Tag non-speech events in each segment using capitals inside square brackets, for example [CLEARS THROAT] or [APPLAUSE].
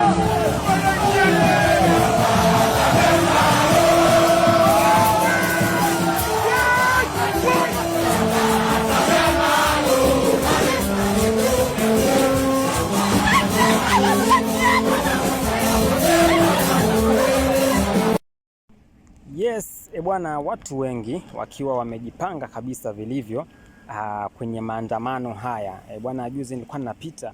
Yes, ebwana watu wengi wakiwa wamejipanga kabisa vilivyo, uh, kwenye maandamano haya. ebwana juzi nilikuwa napita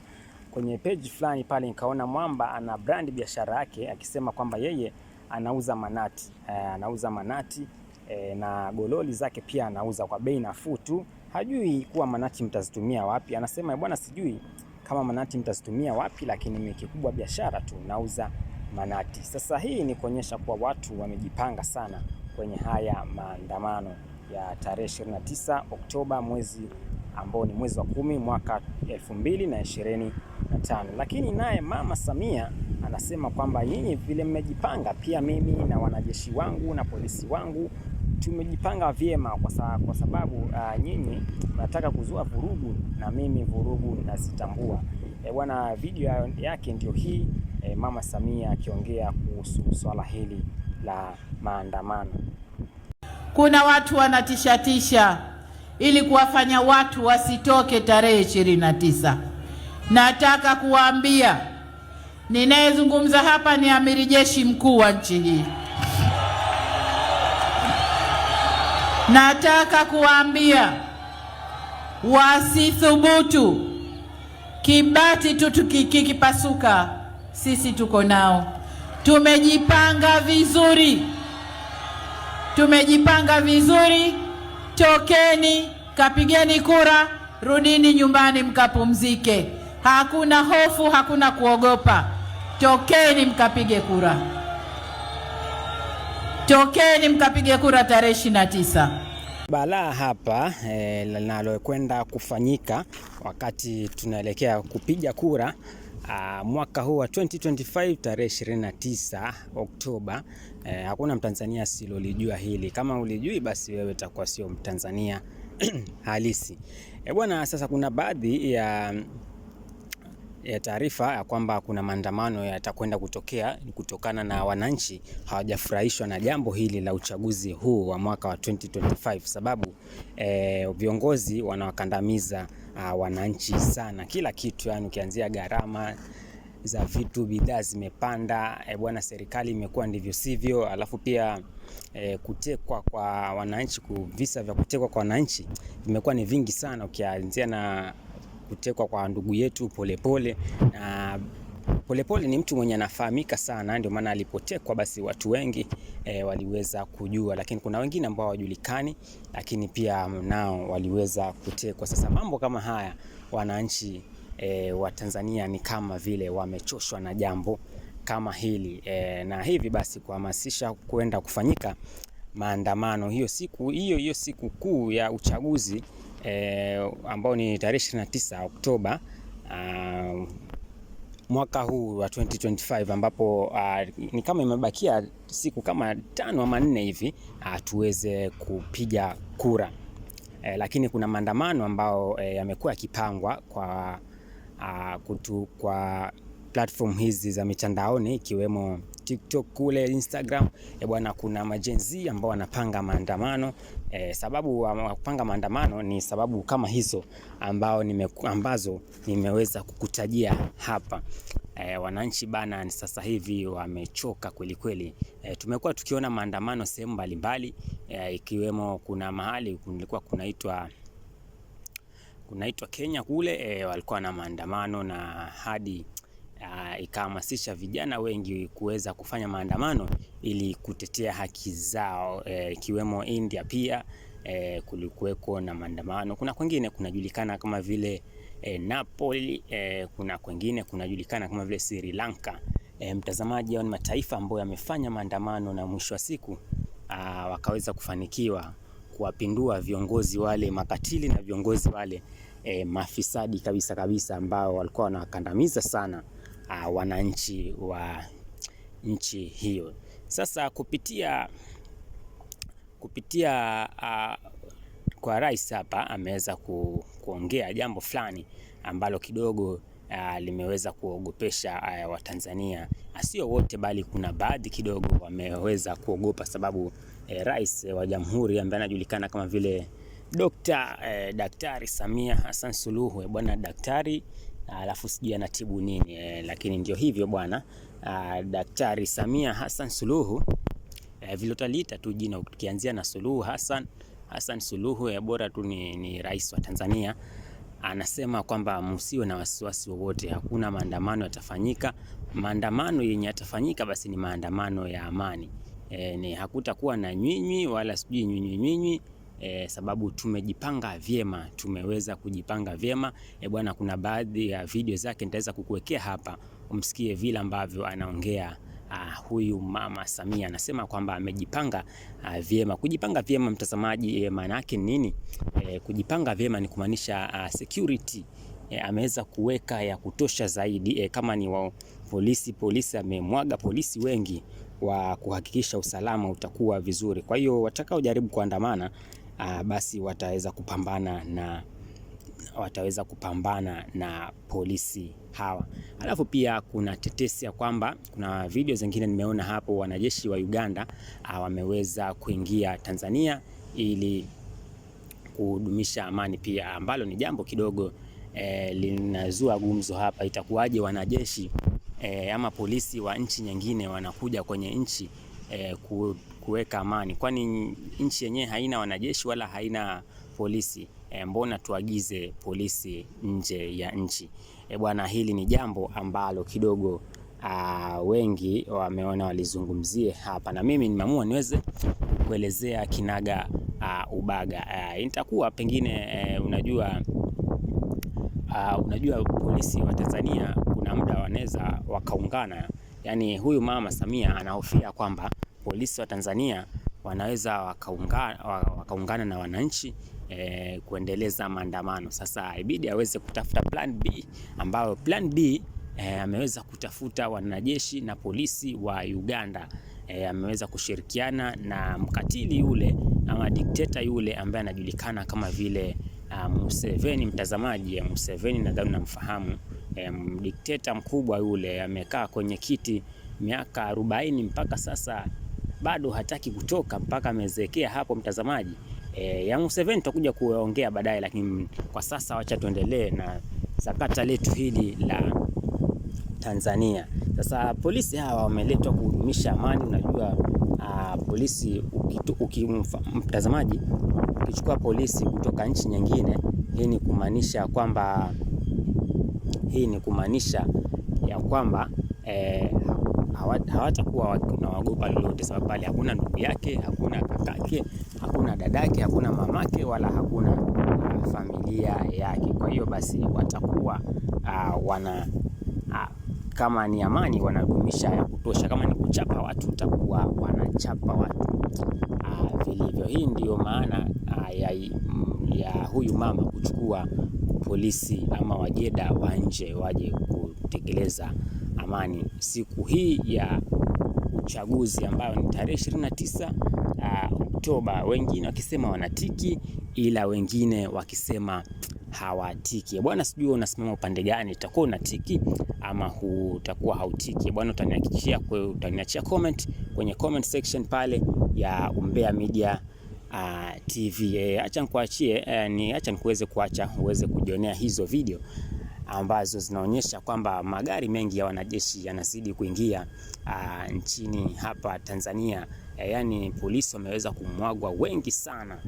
kwenye page fulani pale nikaona mwamba ana brand biashara yake akisema kwamba yeye anauza manati eh, anauza manati e, na gololi zake pia anauza kwa bei nafuu tu. Hajui kuwa manati mtazitumia wapi, anasema eh, bwana, sijui kama manati mtazitumia wapi, lakini mimi kikubwa biashara tu nauza manati. Sasa hii ni kuonyesha kuwa watu wamejipanga sana kwenye haya maandamano ya tarehe 29 Oktoba, mwezi ambao ni mwezi wa kumi mwaka ishirini tano. Lakini naye Mama Samia anasema kwamba nyinyi vile mmejipanga, pia mimi na wanajeshi wangu na polisi wangu tumejipanga vyema kwa, sa, kwa sababu uh, nyinyi mnataka kuzua vurugu na mimi vurugu nazitambua. E, bwana, video yake ndio hii e, Mama Samia akiongea kuhusu swala hili la maandamano. Kuna watu wanatishatisha ili kuwafanya watu wasitoke tarehe ishirini na tisa. Nataka kuwaambia ninayezungumza hapa ni amiri jeshi mkuu wa nchi hii. Nataka kuwaambia wasithubutu. Kibati tu kikipasuka, sisi tuko nao. Tumejipanga vizuri, tumejipanga vizuri. Tokeni kapigeni kura, rudini nyumbani mkapumzike. Hakuna hofu, hakuna kuogopa. Tokeni mkapige kura, tokeni mkapige kura tarehe ishirini na tisa. Balaa hapa eh, linalokwenda e, kufanyika wakati tunaelekea kupiga kura a, ah, mwaka huu wa 2025 tarehe 29 Oktoba. E, hakuna Mtanzania asilolijua hili. Kama ulijui, basi wewe utakuwa sio Mtanzania [CLEARS THROAT] halisi. E bwana, sasa kuna baadhi ya ya eh, taarifa ya kwamba kuna maandamano yatakwenda kutokea ni kutokana na wananchi hawajafurahishwa na jambo hili la uchaguzi huu wa mwaka wa 2025, sababu e, viongozi wanawakandamiza a, ah, wananchi sana, kila kitu yani, ukianzia gharama za vitu, bidhaa zimepanda E, bwana, serikali imekuwa ndivyo sivyo, alafu pia E, kutekwa kwa wananchi, visa vya kutekwa kwa wananchi vimekuwa ni vingi sana, ukianzia na kutekwa kwa ndugu yetu Polepole pole. Na Polepole ni mtu mwenye anafahamika sana, ndio maana alipotekwa basi watu wengi e, waliweza kujua, lakini kuna wengine ambao hawajulikani, lakini pia nao waliweza kutekwa. Sasa mambo kama haya wananchi e, wa Tanzania ni kama vile wamechoshwa na jambo kama hili e, na hivi basi kuhamasisha kwenda kufanyika maandamano hiyo siku hiyo hiyo siku kuu ya uchaguzi e, ambao ni tarehe 29 Oktoba uh, mwaka huu wa 2025 ambapo uh, ni kama imebakia siku kama tano ama nne hivi uh, tuweze kupiga kura e, lakini kuna maandamano ambao e, yamekuwa yakipangwa kwa, uh, kutu, kwa platform hizi za mitandaoni ikiwemo TikTok kule Instagram, eh bwana, kuna majenzi ambao wanapanga maandamano e, sababu kupanga maandamano ni sababu kama hizo ambao nime, ambazo nimeweza kukutajia hapa. E, wananchi bana sasa hivi wamechoka kweli kweli. E, tumekuwa tukiona maandamano sehemu mbalimbali e, ikiwemo kuna mahali kulikuwa kunaitwa kunaitwa Kenya kule e, walikuwa na maandamano na hadi uh, ikahamasisha vijana wengi kuweza kufanya maandamano ili kutetea haki zao eh, ikiwemo eh, India pia eh, kulikuweko na maandamano. Kuna kwengine kunajulikana kama vile eh, Napoli eh, kuna kwengine kunajulikana kama vile Sri Lanka. E, mtazamaji, hao ni mataifa ambayo yamefanya maandamano na mwisho wa siku aa, ah, wakaweza kufanikiwa kuwapindua viongozi wale makatili na viongozi wale e, mafisadi kabisa kabisa ambao walikuwa wanawakandamiza sana uh, wananchi wa nchi hiyo. Sasa kupitia kupitia uh, kwa rais hapa ameweza ku, kuongea jambo fulani ambalo kidogo uh, limeweza kuogopesha uh, Watanzania asio ah, wote, bali kuna baadhi kidogo wameweza kuogopa, sababu eh, rais wa jamhuri ambaye anajulikana kama vile Dokta, eh, Daktari Samia Hassan Suluhu eh, bwana daktari alafu sijui anatibu nini e, lakini ndio hivyo bwana. Ah, Daktari Samia Hassan Suluhu e, vile utaliita tu jina ukianzia na Suluhu Hassan Hassan Suluhu ya eh, bora tu ni, ni rais wa Tanzania anasema kwamba msiwe na wasiwasi wowote, hakuna maandamano yatafanyika. Maandamano yenye yatafanyika basi ni maandamano ya amani e, ni hakutakuwa na nywinywi wala sijui nywinywi nywinywi e, sababu tumejipanga vyema, tumeweza kujipanga vyema e, bwana. Kuna baadhi ya video zake nitaweza kukuwekea hapa umsikie vile ambavyo anaongea. Uh, huyu mama Samia anasema kwamba amejipanga uh, vyema. Kujipanga vyema mtazamaji, e, maana yake nini? E, kujipanga vyema ni kumaanisha uh, security e, ameweza kuweka ya kutosha zaidi e, kama ni wa polisi polisi amemwaga polisi wengi wa kuhakikisha usalama utakuwa vizuri. Kwa hiyo watakaojaribu jaribu kuandamana uh, basi wataweza kupambana na wataweza kupambana na polisi hawa. Alafu pia kuna tetesi ya kwamba kuna video zingine nimeona hapo, wanajeshi wa Uganda uh, wameweza kuingia Tanzania ili kudumisha amani pia, ambalo ni jambo kidogo eh, linazua gumzo hapa. Itakuwaje wanajeshi eh, ama polisi wa nchi nyingine wanakuja kwenye nchi eh, kuweka amani, kwani nchi yenyewe haina wanajeshi wala haina polisi e, mbona tuagize polisi nje ya nchi e, bwana, hili ni jambo ambalo kidogo a, wengi wameona walizungumzie hapa, na mimi nimeamua niweze kuelezea kinaga a, ubaga nitakuwa e, pengine e, unajua a, unajua polisi wa Tanzania kuna muda wanaweza wakaungana, yaani huyu mama Samia anahofia kwamba polisi wa Tanzania wanaweza wakaungana, wakaungana na wananchi e, kuendeleza maandamano. Sasa ibidi aweze kutafuta plan B ambayo plan B e, ameweza kutafuta wanajeshi na polisi wa Uganda e, ameweza kushirikiana na mkatili yule ama dikteta yule ambaye anajulikana kama vile uh, Museveni. Mtazamaji, Museveni nadhani namfahamu, eh, dikteta mkubwa yule amekaa kwenye kiti miaka 40 mpaka sasa bado hataki kutoka mpaka amezekea hapo, mtazamaji. E, eh, ya Museveni tutakuja kuongea baadaye, lakini kwa sasa wacha tuendelee na sakata letu hili la Tanzania. Sasa polisi hawa wameletwa kuhudumisha amani. Unajua a, ah, polisi mtazamaji, ukichukua polisi kutoka nchi nyingine, hii ni kumaanisha kwamba hii ni kumaanisha ya kwamba e, hawatakuwa wagopa lolote, sababu pale hakuna ndugu yake, hakuna kakake, hakuna dadake, hakuna mamake, wala hakuna uh, familia yake. Kwa hiyo basi watakuwa uh, wana uh, kama ni amani wanadumisha ya kutosha. Kama ni kuchapa watu, utakuwa wanachapa watu uh, vilivyo. Hii ndiyo maana uh, ya, ya huyu mama kuchukua polisi ama wajeda wa nje waje kutekeleza amani siku hii ya uchaguzi ambayo ni tarehe 29 uh, ah, Oktoba, wengine wakisema wanatiki, ila wengine wakisema hawatiki bwana. Sijui unasimama upande gani, utakuwa unatiki ama utakuwa hautiki bwana. Utanihakikishia, kwa utaniachia comment kwenye comment section pale ya Umbea Media uh, ah, TV. Eh, acha nikuachie, eh, ni acha nikuweze kuacha uweze kujionea hizo video ambazo zinaonyesha kwamba magari mengi ya wanajeshi yanazidi kuingia uh, nchini hapa Tanzania. E, yaani polisi wameweza kumwagwa wengi sana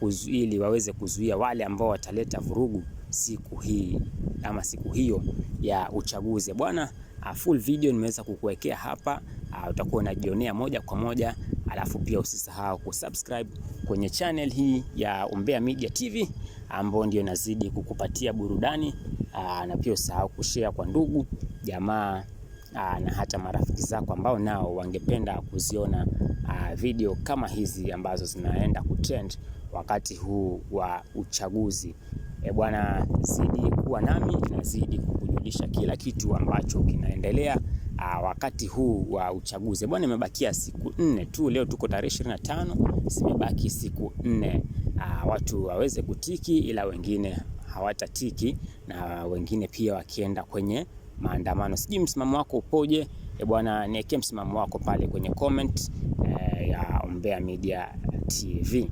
uh, ili waweze kuzuia wale ambao wataleta vurugu siku hii ama siku hiyo ya uchaguzi bwana. Uh, full video nimeweza kukuwekea hapa uh, utakuwa unajionea moja kwa moja, alafu pia usisahau kusubscribe kwenye channel hii ya Umbea Media TV ambayo ndio inazidi kukupatia burudani aa, ah, na pia usahau kushare kwa ndugu jamaa aa, ah, na hata marafiki zako ambao nao wangependa kuziona aa, ah, video kama hizi ambazo zinaenda kutrend wakati huu wa uchaguzi. E bwana, zidi kuwa nami, zidi kukujulisha kila kitu ambacho kinaendelea aa, wakati huu wa uchaguzi. E bwana, imebakia siku nne tu, leo tuko tarehe 25, zimebaki siku nne, watu waweze kutiki, ila wengine hawatatiki na wengine pia wakienda kwenye maandamano. Sijui msimamo wako upoje? E bwana, niekee msimamo wako pale kwenye comment e, ya Umbea Media TV.